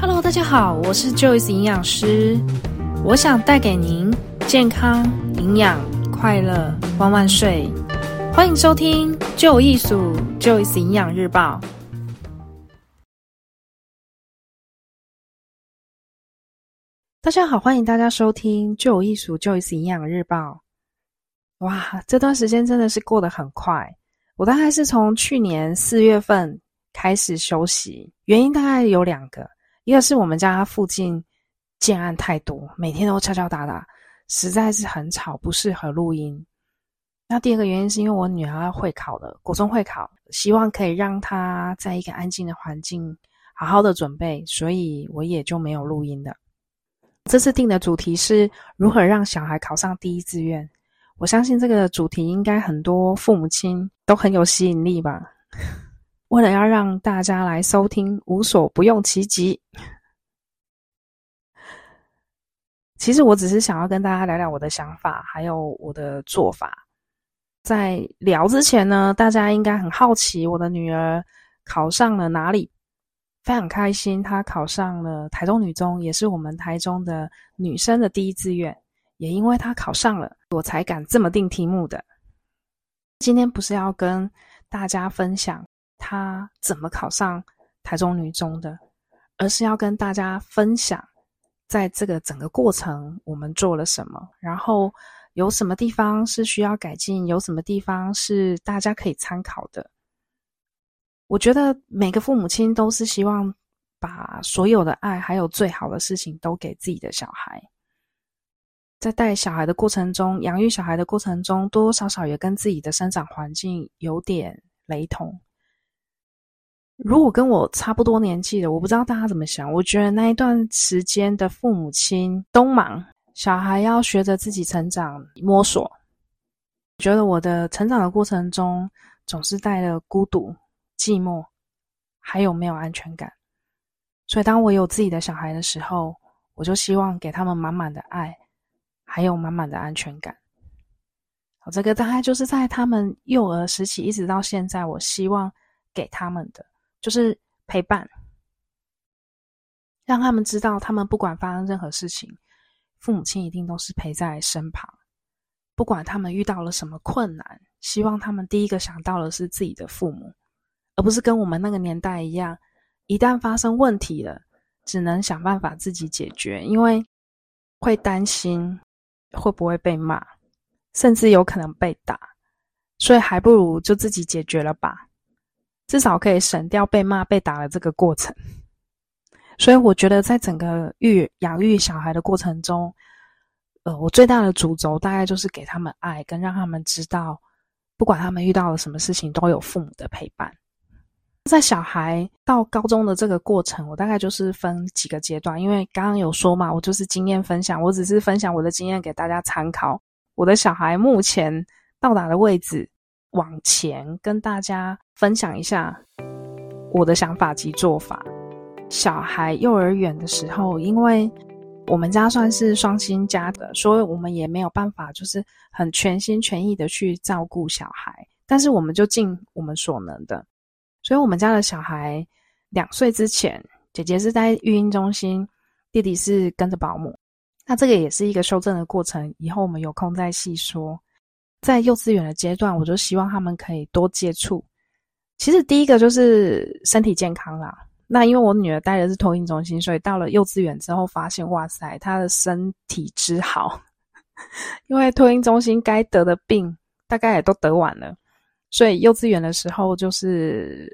Hello，大家好，我是 Joyce 營養師，我想帶給您健康、營養、快樂、萬萬歲！歡迎收聽《就我藝術 Joyce 營養日報》。大家好，歡迎大家收聽《就我藝術 Joyce 營養日報》。哇，這段時間真的是過得很快，我大概是從去年四月份開始休息，原因大概有兩個。一個是我們家附近建案太多，每天都敲敲打打，實在是很吵，不適合錄音。那第二個原因是因為我女兒會考了，國中會考，希望可以讓她在一個安靜的環境好好的準備，所以我也就沒有錄音的。這次定的主題是如何讓小孩考上第一志願，我相信這個主題應該很多父母親都很有吸引力吧。 為了要讓大家來收聽，無所不用其極。其實我只是想要跟大家聊聊我的想法，還有我的做法。在聊之前呢，大家應該很好奇我的女兒考上了哪裡？非常開心，她考上了台中女中，也是我們台中的女生的第一志願。也因為她考上了，我才敢這麼定題目的。今天不是要跟大家分享，他怎麼考上台中女中的，而是要跟大家分享，在這個整個過程，我們做了什麼，然後有什麼地方是需要改進，有什麼地方是大家可以參考的。我覺得每個父母親都是希望把所有的愛還有最好的事情都給自己的小孩。在帶小孩的過程中，養育小孩的過程中，多多少少也跟自己的生長環境有點雷同。如果跟我差不多年紀的，我不知道大家怎麼想。我覺得那一段時間的父母親都忙，小孩要學着自己成長摸索。覺得我的成長的過程中，總是帶着孤獨、寂寞，還有沒有安全感。所以當我有自己的小孩的時候，我就希望給他們滿滿的愛，還有滿滿的安全感。好，這個大概就是在他們幼兒時期一直到現在，我希望給他們的。就是陪伴，讓他們知道，他們不管發生任何事情，父母親一定都是陪在身旁。不管他們遇到了什麼困難，希望他們第一個想到的是自己的父母，而不是跟我們那個年代一樣，一旦發生問題了，只能想辦法自己解決，因為會擔心會不會被罵，甚至有可能被打，所以還不如就自己解決了吧。至少可以省掉被罵被打的這個過程，所以我覺得在整個育養育小孩的過程中，呃，我最大的主軸大概就是給他們愛，跟讓他們知道，不管他們遇到了什麼事情，都有父母的陪伴。在小孩到高中的這個過程，我大概就是分幾個階段，因為剛剛有說嘛，我就是經驗分享，我只是分享我的經驗給大家參考。我的小孩目前到達的位置，往前跟大家。分享一下我的想法及做法。小孩幼兒園的時候，因為我們家算是雙薪家的，所以我們也沒有辦法，就是很全心全意的去照顧小孩。但是我們就盡我們所能的，所以我們家的小孩兩歲之前，姐姐是在育嬰中心，弟弟是跟着保姆。那這個也是一個修正的過程，以後我們有空再細說。在幼稚園的階段，我就希望他們可以多接觸。其實第一個就是身體健康啦。那因為我女兒待的是托嬰中心，所以到了幼稚園之後，發現哇塞，她的身體之好， 因為托嬰中心該得的病大概也都得完了。所以幼稚園的時候，就是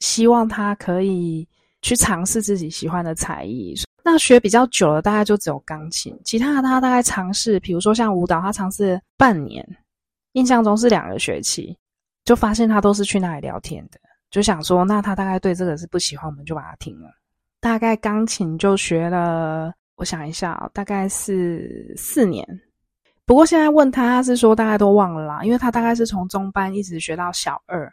希望她可以去嘗試自己喜歡的才藝。那學比較久了，大概就只有鋼琴，其他的她大概嘗試，比如說像舞蹈，她嘗試半年，印象中是兩個學期。就發現他都是去那裡聊天的，就想說，那他大概對這個是不喜歡，我們就把它停了。大概鋼琴就學了，我想一下哦，大概是四年。不過現在問他，他是說大概都忘了啦，因為他大概是從中班一直學到小二，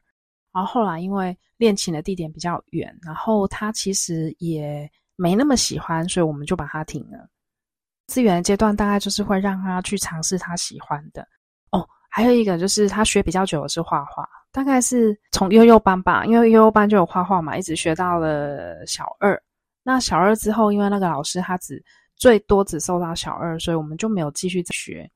然後後來因為練琴的地點比較遠，然後他其實也沒那麼喜歡，所以我們就把它停了。資源階段大概就是會讓他去嘗試他喜歡的。還有一個就是他學比較久的是畫畫，大概是從幼幼班吧，因為幼幼班就有畫畫嘛，一直學到了小二。那小二之後，因為那個老師他只最多只收到小二，所以我們就沒有繼續學。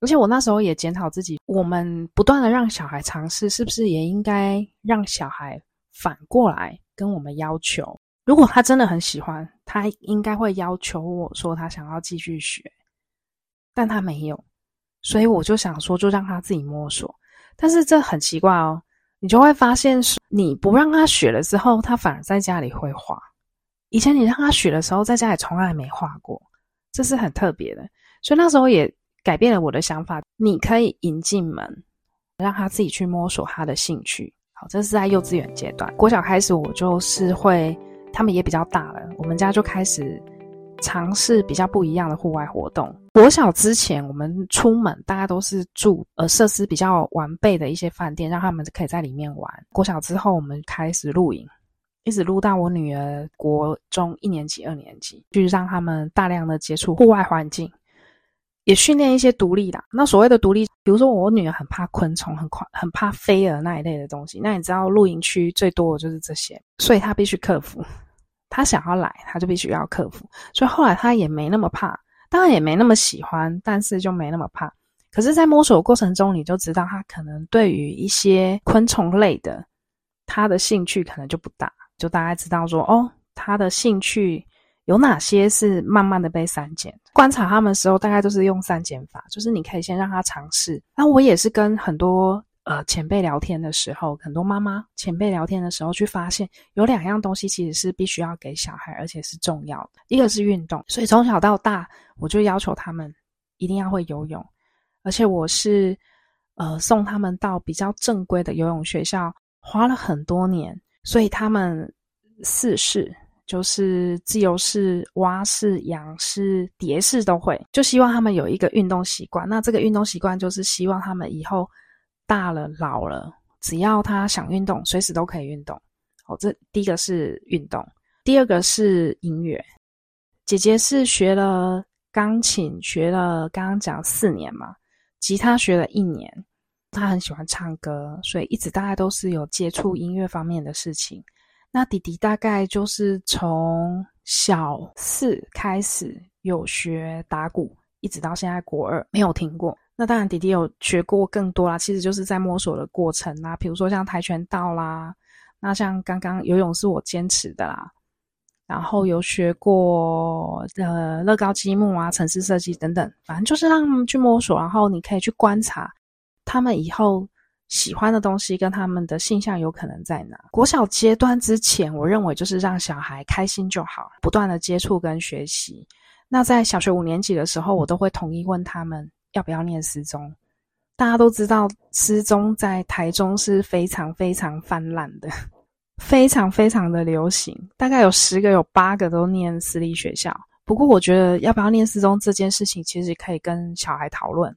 而且我那時候也檢討自己，我們不斷的讓小孩嘗試，是不是也應該讓小孩反過來跟我們要求？如果他真的很喜歡，他應該會要求我說他想要繼續學，但他沒有。所以我就想說，就讓他自己摸索。但是這很奇怪哦，你就會發現，是你不讓他學了之後，他反而在家裡會畫。以前你讓他學的時候，在家裡從來沒畫過，這是很特別的。所以那時候也改變了我的想法，你可以引進門，讓他自己去摸索他的興趣。好，這是在幼稚園階段，國小開始，我就是會，他們也比較大了，我們家就開始嘗試比較不一樣的戶外活動。國小之前，我們出門大家都是住呃設施比較完備的一些飯店，讓他們可以在裡面玩。國小之後，我們開始露營，一直露到我女兒國中一年級、二年級，就是讓他們大量的接觸戶外環境，也訓練一些獨立的。那所謂的獨立，比如說我女兒很怕昆蟲，很怕很怕飛蛾那一類的東西。那你知道露營區最多的就是這些，所以她必須克服。她想要來，她就必須要克服。所以後來她也沒那麼怕。當然也沒那麼喜歡，但是就沒那麼怕。可是，在摸索過程中，你就知道他可能對於一些昆蟲類的，他的興趣可能就不大。就大概知道說，哦，他的興趣有哪些是慢慢的被刪減。觀察他們的時候，大概都是用刪減法，就是你可以先讓他嘗試。那我也是跟很多。呃，前輩聊天的時候，很多媽媽前輩聊天的時候去發現，有兩樣東西其實是必須要給小孩，而且是重要的，一個是運動。所以從小到大，我就要求他們一定要會游泳，而且我是呃送他們到比較正規的游泳學校，花了很多年，所以他們四式就是自由式、蛙式、仰式、蝶式都會。就希望他們有一個運動習慣。那這個運動習慣就是希望他們以後。大了老了，只要他想運動，隨時都可以運動。哦，這第一個是運動，第二個是音樂。姐姐是學了鋼琴，學了剛剛講四年嘛，吉他學了一年。她很喜歡唱歌，所以一直大概都是有接觸音樂方面的事情。那弟弟大概就是從小四開始有學打鼓，一直到現在國二沒有停過。那當然，弟弟有學過更多啦。其實就是在摸索的過程啦，比如說像跆拳道啦，那像剛剛游泳是我堅持的啦。然後有學過呃樂高積木啊、程式設計等等，反正就是讓他們去摸索，然後你可以去觀察他們以後喜歡的東西跟他們的性向有可能在哪。國小階段之前，我認為就是讓小孩開心就好，不斷的接觸跟學習。那在小學五年級的時候，我都會統一問他們。要不要念私中？大家都知道，私中在台中是非常非常氾濫的，非常非常的流行。大概有十個，有八個都念私立學校。不過，我覺得要不要念私中這件事情，其實可以跟小孩討論。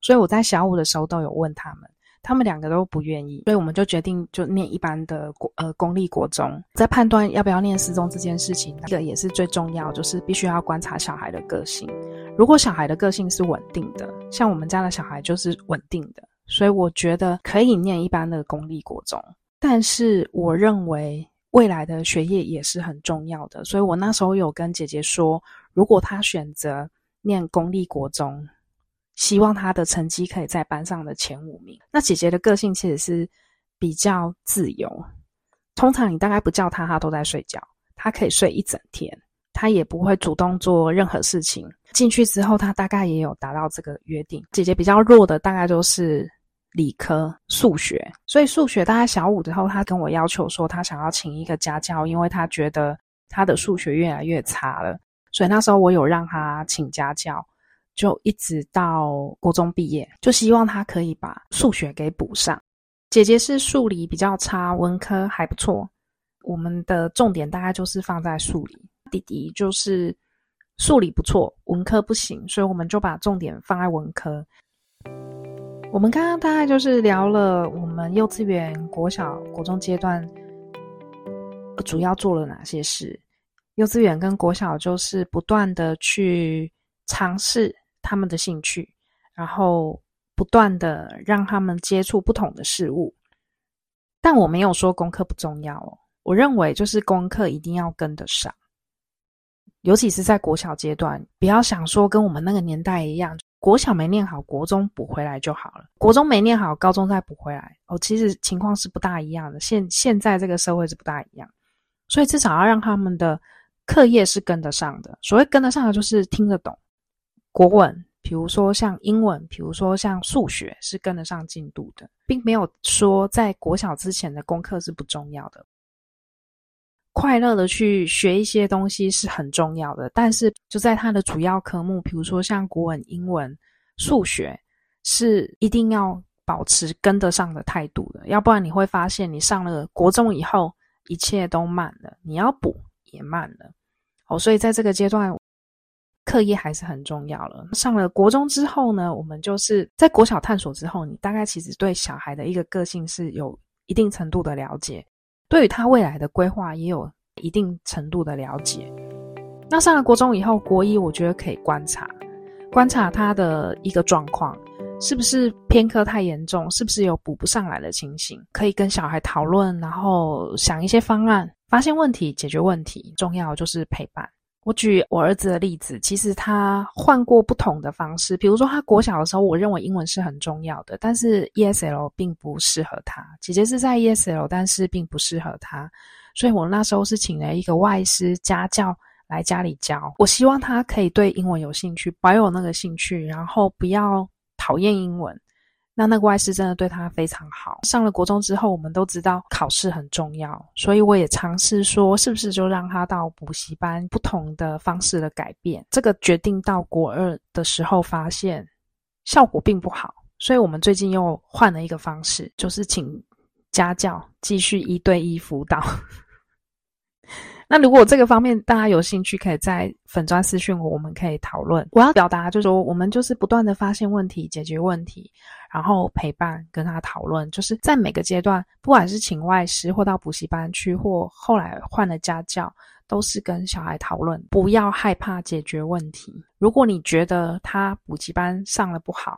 所以我在小五的時候都有問他們。他們兩個都不願意，所以我們就決定就念一般的國，呃，公立國中。在判斷要不要念私中這件事情，這個也是最重要，就是必須要觀察小孩的個性。如果小孩的個性是穩定的，像我們家的小孩就是穩定的，所以我覺得可以念一般的公立國中。但是我認為未來的學業也是很重要的，所以我那時候有跟姐姐說，如果她選擇念公立國中。希望他的成績可以在班上的前五名。那姐姐的個性其實是比較自由，通常你大概不叫他，他都在睡覺，他可以睡一整天，他也不會主動做任何事情。進去之後，他大概也有達到這個約定。姐姐比較弱的大概就是理科數學，所以數學大概小五之後，他跟我要求說他想要請一個家教，因為他覺得他的數學越來越差了。所以那時候我有讓他請家教。就一直到國中畢業，就希望他可以把數學給補上。姐姐是數理比較差，文科還不錯，我們的重點大概就是放在數理。弟弟就是數理不錯，文科不行，所以我們就把重點放在文科。我們剛剛大概就是聊了我們幼稚園、國小、國中階段主要做了哪些事。幼稚園跟國小就是不斷的去嘗試他們的興趣，然後不斷的讓他們接觸不同的事物，但我沒有說功課不重要哦。我認為就是功課一定要跟得上，尤其是在國小階段，不要想說跟我們那個年代一樣，國小沒念好，國中補回來就好了，國中沒念好，高中再補回來哦。其實情況是不大一樣的，現現在這個社會是不大一樣，所以至少要讓他們的課業是跟得上的。所謂跟得上的，就是聽得懂。國文，比如說像英文，比如說像數學，是跟得上進度的，並沒有說在國小之前的功課是不重要的。 快樂的去學一些東西是很重要的，但是就在它的主要科目，比如說像國文、英文、數學，是一定要保持跟得上的態度的，要不然你會發現你上了國中以後，一切都慢了，你要補也慢了。哦，所以在這個階段。課業還是很重要了。上了國中之後呢，我們就是在國小探索之後，你大概其實對小孩的一個個性是有一定程度的了解，對於他未來的規劃也有一定程度的了解。那上了國中以後，國一我覺得可以觀察，觀察他的一個狀況，是不是偏科太嚴重，是不是有補不上來的情形，可以跟小孩討論，然後想一些方案，發現問題，解決問題。重要的就是陪伴。我舉我兒子的例子，其實他換過不同的方式，比如說他國小的時候，我認為英文是很重要的，但是 ESL 並不適合他。姐姐是在 ESL，但是並不適合他，所以我那時候是請了一個外師家教來家裡教。我希望他可以對英文有興趣，保有那個興趣，然後不要討厭英文。那那個外師真的對他非常好。上了國中之後，我們都知道考試很重要，所以我也嘗試說，是不是就讓他到補習班，不同的方式的改變。這個決定到國二的時候發現，效果並不好，所以我們最近又換了一個方式，就是請家教繼續一對一輔導。那如果這個方面大家有興趣，可以在粉專私訊我，我們可以討論。我要表達就是說，我們就是不斷的發現問題、解決問題，然後陪伴跟他討論，就是在每個階段，不管是請外師或到補習班去，或後來換了家教，都是跟小孩討論，不要害怕解決問題。如果你覺得他補習班上了不好，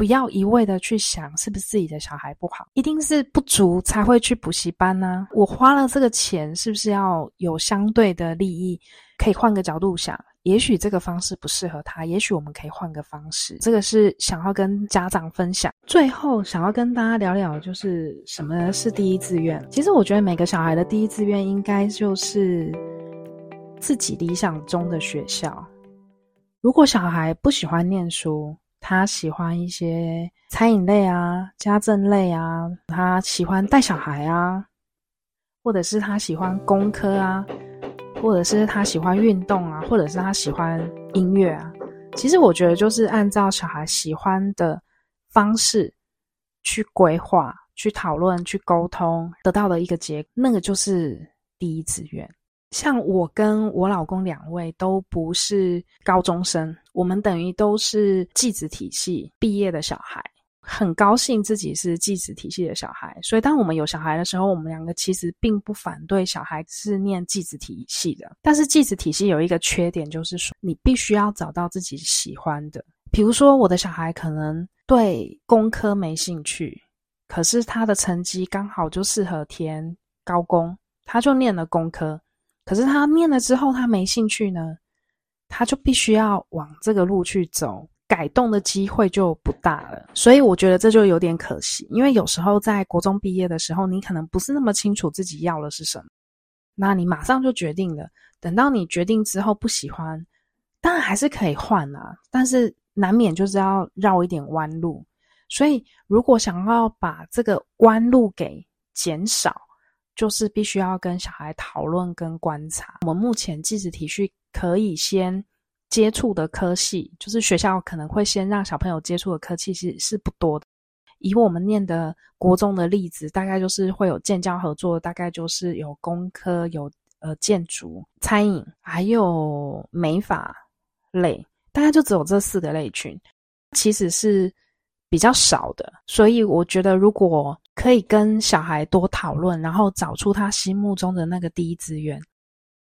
不要一味的去想是不是自己的小孩不好，一定是不足才會去補習班呢啊？我花了這個錢，是不是要有相對的利益？可以換個角度想，也許這個方式不適合他，也許我們可以換個方式。這個是想要跟家長分享。最後，想要跟大家聊聊就是什麼是第一志願。其實我覺得每個小孩的第一志願應該就是自己理想中的學校。如果小孩不喜歡念書，他喜歡一些餐飲類啊、家政類啊，他喜歡帶小孩啊，或者是他喜歡工科啊，或者是他喜歡運動啊，或者是他喜歡音樂啊。其實我覺得，就是按照小孩喜歡的方式去規劃、去討論、去溝通，得到的一個結果，那個就是第一志願。像我跟我老公兩位都不是高中生，我們等於都是技職體系畢業的小孩，很高興自己是技職體系的小孩。所以，當我們有小孩的時候，我們兩個其實並不反對小孩是唸技職體系的。但是，技職體系有一個缺點，就是說你必須要找到自己喜歡的。比如說，我的小孩可能對工科沒興趣，可是他的成績剛好就適合填高工，他就唸了工科。可是他念了之後，他沒興趣呢，他就必須要往這個路去走，改動的機會就不大了。所以我覺得這就有點可惜，因為有時候在國中畢業的時候，你可能不是那麼清楚自己要的是什麼，那你馬上就決定了。等到你決定之後不喜歡，當然還是可以換啊，但是難免就是要繞一點彎路。所以如果想要把這個彎路給減少，就是必須要跟小孩討論跟觀察。我們目前技職體系可以先接觸的科系，就是學校可能會先讓小朋友接觸的科系是，其實是不多的。以我們念的國中的例子，大概就是會有建教合作，大概就是有工科、有呃建築、餐飲，還有美髮類，大概就只有這四個類群，其實是比較少的。所以我覺得如果可以跟小孩多討論，然後找出他心目中的那個第一志願。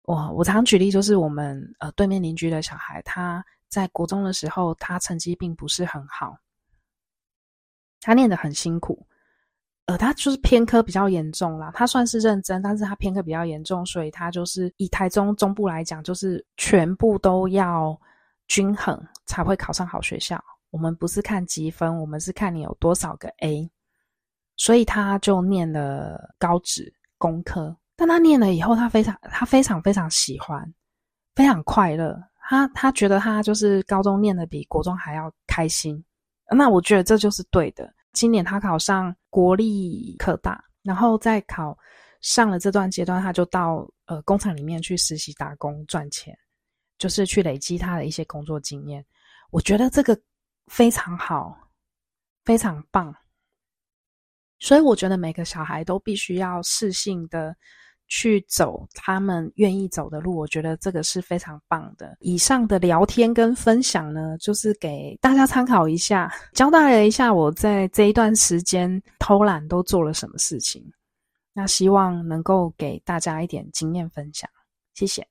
我我常舉例，就是我們呃對面鄰居的小孩，他在國中的時候，他成績並不是很好，他念得很辛苦，呃，他就是偏科比較嚴重啦。他算是認真，但是他偏科比較嚴重，所以他就是以台中中部來講，就是全部都要均衡才會考上好學校。我們不是看積分，我們是看你有多少個 A。所以他就念了高職工科，但他念了以後，他非常他非常非常喜歡，非常快樂。他他覺得他就是高中念得比國中還要開心。那我覺得這就是對的。今年他考上國立科大，然後在考上了這段階段，他就到呃工廠裡面去實習打工賺錢，就是去累積他的一些工作經驗。我覺得這個非常好，非常棒。所以我覺得每個小孩都必須要適性的去走他們願意走的路，我覺得這個是非常棒的。以上的聊天跟分享呢，就是給大家參考一下，交代了一下我在這一段時間偷懶都做了什麼事情。那希望能夠給大家一點經驗分享。謝謝。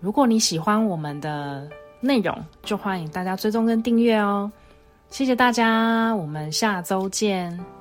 如果你喜歡我們的內容，就歡迎大家追蹤跟訂閱哦。謝謝大家，我們下周見。